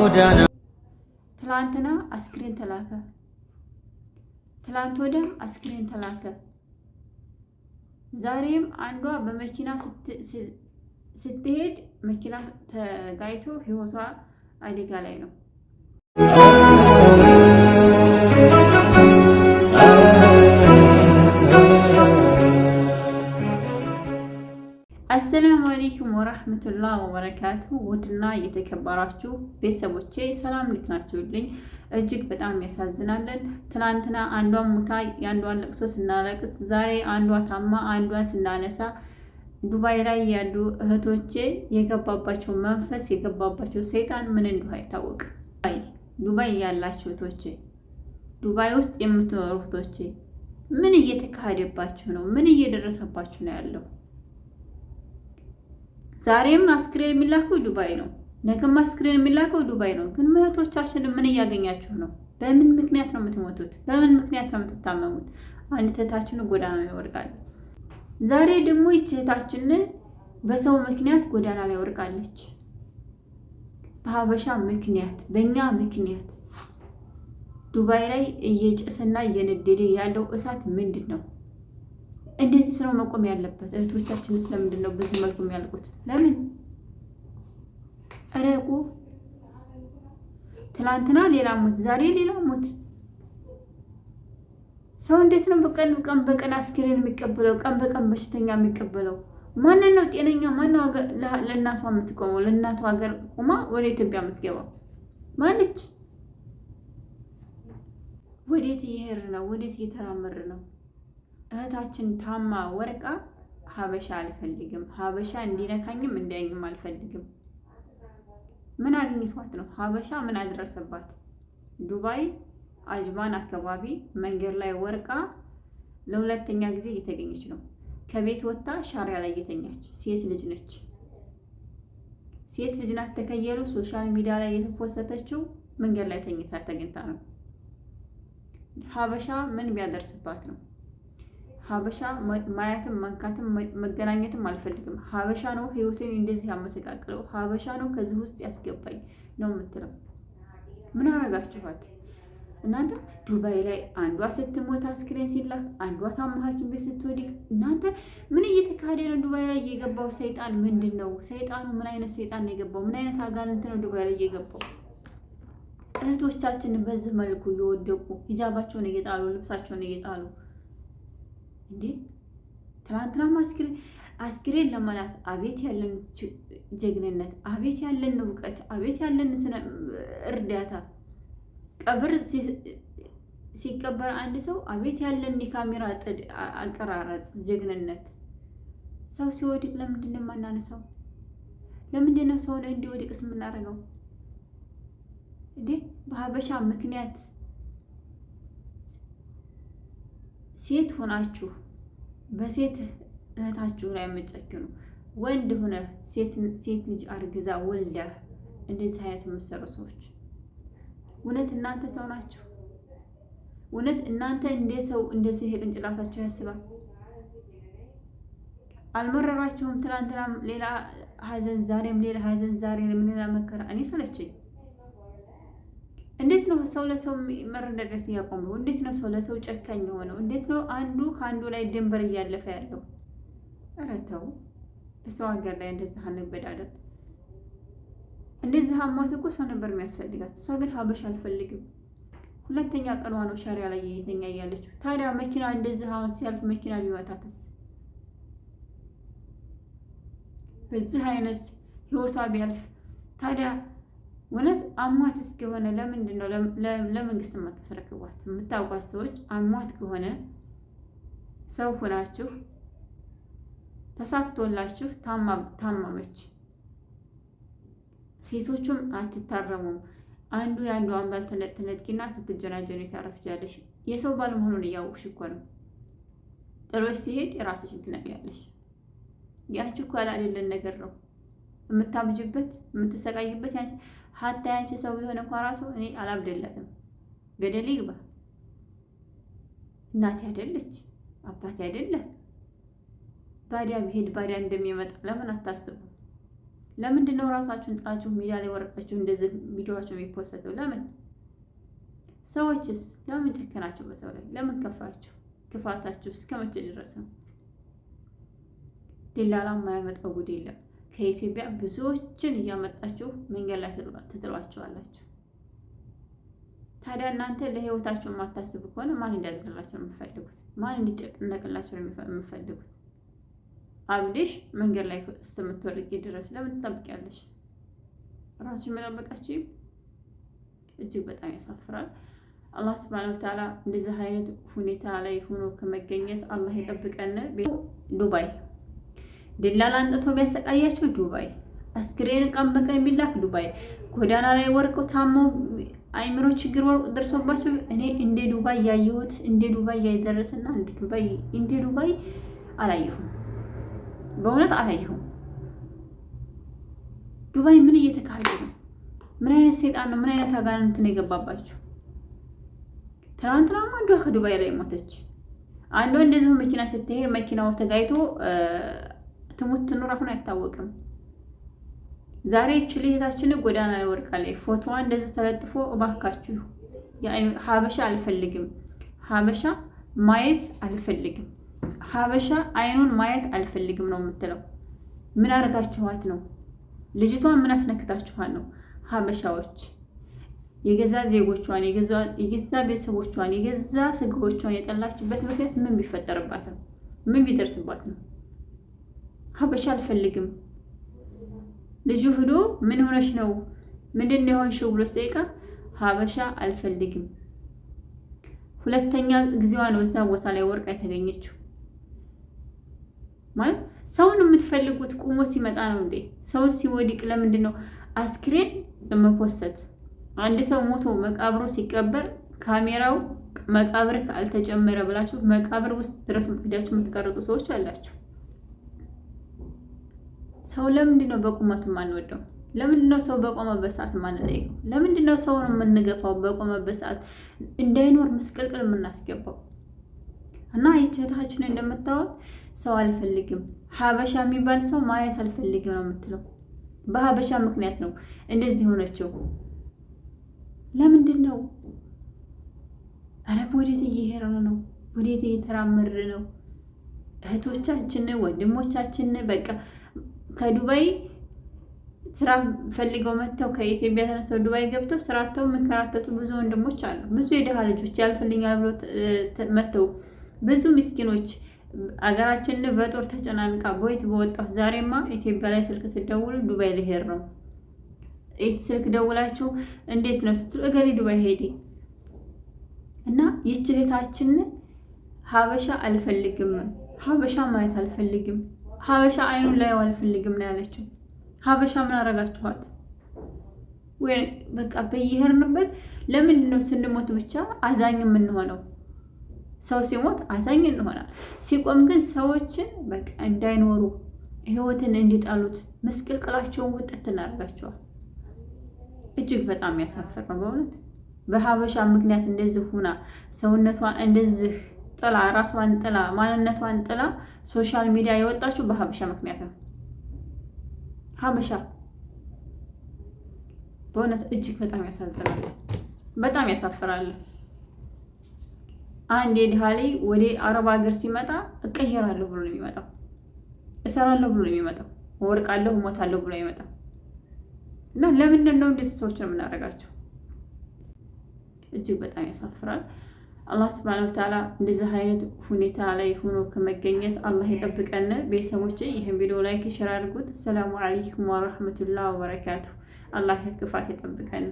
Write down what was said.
ጎዳና ትላንትና አስክሬን ተላከ። ትላንት ወደ አስክሬን ተላከ። ዛሬም አንዷ በመኪና ስትሄድ መኪና ተጋይቶ ህይወቷ አደጋ ላይ ነው። አለይኩም ወራህመቱላህ ወበረካቱ ውድና የተከበራችሁ ቤተሰቦቼ ሰላም እንዴት ናችሁልኝ? እጅግ በጣም ያሳዝናለን። ትናንትና አንዷን ሙታ የአንዷን ለቅሶ ስናለቅስ፣ ዛሬ አንዷ ታማ አንዷን ስናነሳ፣ ዱባይ ላይ ያሉ እህቶቼ የገባባቸው መንፈስ የገባባቸው ሰይጣን ምን እንደሆነ አይታወቅም። ዱባይ ያላችሁ እህቶቼ፣ ዱባይ ውስጥ የምትኖሩ እህቶቼ ምን እየተካሄደባችሁ ነው? ምን እየደረሰባችሁ ነው ያለው? ዛሬም አስክሬን የሚላከው ዱባይ ነው። ነገም አስክሬን የሚላከው ዱባይ ነው። ግን ምህቶቻችን ምን እያገኛችሁ ነው? በምን ምክንያት ነው የምትሞቱት? በምን ምክንያት ነው የምትታመሙት? አንድ እህታችን ጎዳና ላይ ወድቃለች። ዛሬ ደግሞ ይች እህታችን በሰው ምክንያት ጎዳና ላይ ወርቃለች። በሀበሻ ምክንያት፣ በእኛ ምክንያት ዱባይ ላይ እየጨሰና እየነደደ ያለው እሳት ምንድን ነው? እንዴትስ ነው መቆም ያለበት? እህቶቻችን ስለምንድን ነው በዚህ መልኩ የሚያልቁት? ለምን ረቁ? ትላንትና ሌላ ሞት፣ ዛሬ ሌላ ሞት። ሰው እንዴት ነው በቀን ቀን በቀን አስክሬን የሚቀበለው? ቀን በቀን በሽተኛ የሚቀበለው? ማንን ነው ጤነኛ? ነው ለእናቷ የምትቆመው? ለእናቷ ሀገር ቁማ ወደ ኢትዮጵያ የምትገባው ማለች? ወዴት እየሄድን ነው? ወዴት እየተራመድን ነው? እህታችን ታማ ወርቃ ሀበሻ አልፈልግም፣ ሀበሻ እንዲነካኝም እንዲያኝም አልፈልግም። ምን አግኝቷት ነው? ሀበሻ ምን አደረሰባት? ዱባይ አጅማን አካባቢ መንገድ ላይ ወርቃ ለሁለተኛ ጊዜ እየተገኘች ነው። ከቤት ወጥታ ሻሪያ ላይ እየተኛች ሴት ልጅ ነች። ሴት ልጅ ናት። ተከየሉ ሶሻል ሚዲያ ላይ የተፖሰተችው መንገድ ላይ ተኝታ ተገኝታ ነው። ሀበሻ ምን ቢያደርስባት ነው? ሀበሻ ማየትም መንካትም መገናኘትም አልፈልግም። ሀበሻ ነው ህይወቴን እንደዚህ ያመሰቃቅለው፣ ሀበሻ ነው ከዚህ ውስጥ ያስገባኝ ነው የምትለው። ምን አረጋችኋት እናንተ? ዱባይ ላይ አንዷ ስትሞት አስክሬን ሲላክ፣ አንዷ ታማ ሐኪም ቤት ስትወድቅ፣ እናንተ ምን እየተካሄደ ነው? ዱባይ ላይ እየገባው ሰይጣን ምንድን ነው? ሰይጣኑ ምን አይነት ሰይጣን ነው የገባው? ምን አይነት አጋንንት ነው ዱባይ ላይ እየገባው? እህቶቻችን በዚህ መልኩ እየወደቁ ሂጃባቸውን እየጣሉ ልብሳቸውን እየጣሉ እንዴ ትላንትና አስክሬን አስክሬን ለመላክ አቤት ያለን ጀግንነት፣ አቤት ያለን እውቀት፣ አቤት ያለን እርዳታ ቀብር ሲቀበር አንድ ሰው አቤት ያለን የካሜራ አቀራረጽ ጀግንነት። ሰው ሲወድቅ ለምንድን ነው የማናነሳው? ለምንድን ነው ሰውን እንዲወድቅስ የምናደርገው? እንዴ በሀበሻ ምክንያት ሴት ሆናችሁ በሴት እህታችሁ ላይ የምጨክኑ ወንድ ሆነ ሴት ልጅ አርግዛ ወልዳ እንደዚህ አይነት የምትሰሩ ሰዎች እውነት እናንተ ሰው ናችሁ? እውነት እናንተ እንደ ሰው እንደዚህ ቅንጭላታችሁ ያስባል? አልመረራችሁም? ትናንትናም ሌላ ሀዘን፣ ዛሬም ሌላ ሀዘን ዛሬ ሌላ መከራ። እኔ ሰለቸኝ። እንዴት ነው ሰው ለሰው መረዳዳት ያቆመው? እንዴት ነው ሰው ለሰው ጨካኝ የሆነው? እንዴት ነው አንዱ ከአንዱ ላይ ድንበር እያለፈ ያለው? ኧረ ተው፣ በሰው ሀገር ላይ እንደዚህ አንበዳደር። እንደዚህ አሟት እኮ ሰው ነበር የሚያስፈልጋት። እሷ ግን ሀበሻ አልፈልግም። ሁለተኛ ቀኗ ነው ሻሪያ ላይ የተኛ እያለችው። ታዲያ መኪና እንደዚህ አሁን ሲያልፍ መኪና ቢመታትስ? በዚህ አይነት ህይወቷ ቢያልፍ ታዲያ እውነት አሟት እስከሆነ ለምንድን ነው ለመንግስት የማታስረክቧት? የምታውቋት ሰዎች አሟት ከሆነ ሰው ሁናችሁ ተሳክቶላችሁ ታማመች፣ ሴቶቹም አትታረሙም። አንዱ የአንዱ አንባል ትነጥቂና ትትጀናጀኑ ታረፍጃለሽ። የሰው ባል መሆኑን እያወቅሽ እኮ ነው። ጥሎች ሲሄድ የራስሽን ትነቅያለሽ። ያችሁ እኮ ያላሌለን ነገር ነው። የምታብጅበት የምትሰቃይበት ያንቺ ሀታ ያንቺ ሰው ቢሆን እንኳ ራሱ እኔ አላብደላትም። ገደል ይግባ። እናቴ አይደለች አባቴ አይደለ። ባዲያ ቢሄድ ባዲያ እንደሚመጣ ለምን አታስቡ? ለምንድን ነው ራሳችሁን ጥላችሁ ሚዲያ ላይ ወረቃችሁ እንደዚህ ቪዲዮዋችሁ የሚፖሰተው? ለምን ሰዎችስ ለምን ጨከናችሁ? በሰው ላይ ለምን ከፋችሁ? ክፋታችሁ እስከ መቼ ድረስ ነው? ደላላ የማያመጣው ጉድ የለም። ከኢትዮጵያ ብዙዎችን እያመጣችሁ መንገድ ላይ ትጥሏቸዋላችሁ። ታዲያ እናንተ ለህይወታቸው የማታስቡ ከሆነ ማን እንዲያዝንላቸው ነው የምፈልጉት? ማን እንዲጨነቅላቸው ነው የምፈልጉት? አብልሽ መንገድ ላይ እስከምትወርቂ ድረስ ለምን ትጠብቂያለሽ? ራስሽን መጠበቃችሁ እጅግ በጣም ያሳፍራል። አላህ ስብሐነሁ ወተዓላ እንደዚህ አይነት ሁኔታ ላይ ሆኖ ከመገኘት አላህ የጠብቀን። ዱባይ ደላላ አንጥቶ ቢያሰቃያቸው ዱባይ፣ አስክሬን ቀን በቀን የሚላክ ዱባይ፣ ጎዳና ላይ ወርቀው ታሞ አይምሮ ችግር ደርሶባቸው እኔ እንደ ዱባይ ያየሁት እንደ ዱባይ ያይደረሰና እንደ ዱባይ እንደ ዱባይ አላየሁም፣ በእውነት አላየሁም። ዱባይ ምን እየተካሄደ ነው? ምን አይነት ሴጣን ነው? ምን አይነት አጋንንት ነው የገባባችሁ? ትናንትናማ አንዷ ከዱባይ ላይ ሞተች። አንዷ እንደዚሁ መኪና ስትሄድ መኪናው ተጋይቶ ትሙት ትኑር አሁን አይታወቅም። ዛሬ ይችል እህታችንን ጎዳና ላይ ወርቃ ላይ ፎቶዋ እንደዚህ ተለጥፎ እባካችሁ ሀበሻ አልፈልግም፣ ሀበሻ ማየት አልፈልግም፣ ሀበሻ አይኑን ማየት አልፈልግም ነው የምትለው። ምን አድርጋችኋት ነው? ልጅቷን ምን አስነክታችኋት ነው? ሀበሻዎች የገዛ ዜጎቿን፣ የገዛ ቤተሰቦቿን፣ የገዛ ስጋዎቿን የጠላችበት ምክንያት ምን ቢፈጠርባት ነው? ምን ቢደርስባት ነው? ሀበሻ አልፈልግም። ልጁ ሂዶ ምን ሆነሽ ነው ምንድን ነው የሆንሽው ብሎ ስጠይቃት ሀበሻ አልፈልግም። ሁለተኛ ጊዜዋ ነው እዛ ቦታ ላይ ወርቃ የተገኘችው። ማለት ሰውን የምትፈልጉት ቁሞ ሲመጣ ነው እንዴ? ሰውን ሲወድቅ ለምንድን ነው አስክሬን መኮሰት አንድ ሰው ሞቶ መቃብሩ ሲቀበር ካሜራው መቃብር አልተጨመረ ብላችሁ መቃብር ውስጥ ድረስ ምክዳችሁ የምትቀርጡ ሰዎች አላችሁ። ሰው ለምንድን ነው በቁመቱ የማንወደው? ለምንድን ነው ሰው በቆመበት ሰዓት የማንጠይቀው? ለምንድን ነው ሰውን የምንገፋው? በቆመበት ሰዓት እንዳይኖር ምስቅልቅል የምናስገባው እና ይችታችን እንደምታወቅ ሰው አልፈልግም፣ ሀበሻ የሚባል ሰው ማየት አልፈልግም ነው የምትለው። በሀበሻ ምክንያት ነው እንደዚህ ሆነችው። ለምንድን ነው አረብ ወዴት እየሄድን ነው? ወዴት እየተራመር ነው? እህቶቻችን፣ ወንድሞቻችን በቃ ከዱባይ ስራ ፈልገው መጥተው ከኢትዮጵያ ተነስተው ዱባይ ገብተው ስራተው የሚከራተቱ ብዙ ወንድሞች አሉ። ብዙ የድሃ ልጆች ያልፍልኛል ብሎ መጥተው ብዙ ምስኪኖች አገራችን በጦር ተጨናንቃ ቦይት በወጣሁ ዛሬማ ኢትዮጵያ ላይ ስልክ ስደውሉ ዱባይ ልሄድ ነው። ስልክ ደውላችሁ እንዴት ነው ስትሉ እገሌ ዱባይ ሄዴ እና ይች እህታችን ሀበሻ አልፈልግም ሀበሻ ማየት አልፈልግም ሀበሻ አይኑን ላይ አልፈልግም ነው ያለችው። ሀበሻ ምን አረጋችኋት? በቃ በየሄድንበት ለምንድን ነው ስንሞት ብቻ አዛኝ የምንሆነው? ሰው ሲሞት አዛኝ እንሆናል። ሲቆም ግን ሰዎችን በቃ እንዳይኖሩ ህይወትን እንዲጣሉት መስቀልቅላቸውን ውጥት እናደርጋቸዋል። እጅግ በጣም ያሳፍር ነው በእውነት በሀበሻ ምክንያት እንደዚህ ሁና ሰውነቷ እንደዚህ ጥላ ራሷን ጥላ ማንነቷን ጥላ ሶሻል ሚዲያ የወጣችው በሀበሻ ምክንያት ነው። ሀበሻ በእውነት እጅግ በጣም ያሳዝናል፣ በጣም ያሳፍራል። አንድ የድሃ ወደ አረብ ሀገር ሲመጣ እቀየራለሁ ብሎ ነው የሚመጣው፣ እሰራለሁ ብሎ ነው የሚመጣው፣ ወርቃለሁ እሞታለሁ ብሎ አይመጣም። እና ለምንድን ነው እንደዚህ ሰዎች ነው የምናደርጋቸው? እጅግ በጣም ያሳፍራል። አላህ ስብሐነሁ ወተዓላ እንደዚህ አይነት ሁኔታ ላይ ሆኖ ከመገኘት አላህ ይጠብቀን። ቤተሰቦች ይህን ቪዲዮ ላይክ ሸር አድርጉት። ሰላሙ አለይኩም ወረሕመቱላህ ወበረካቱ። አላህ ከክፋት ይጠብቀን።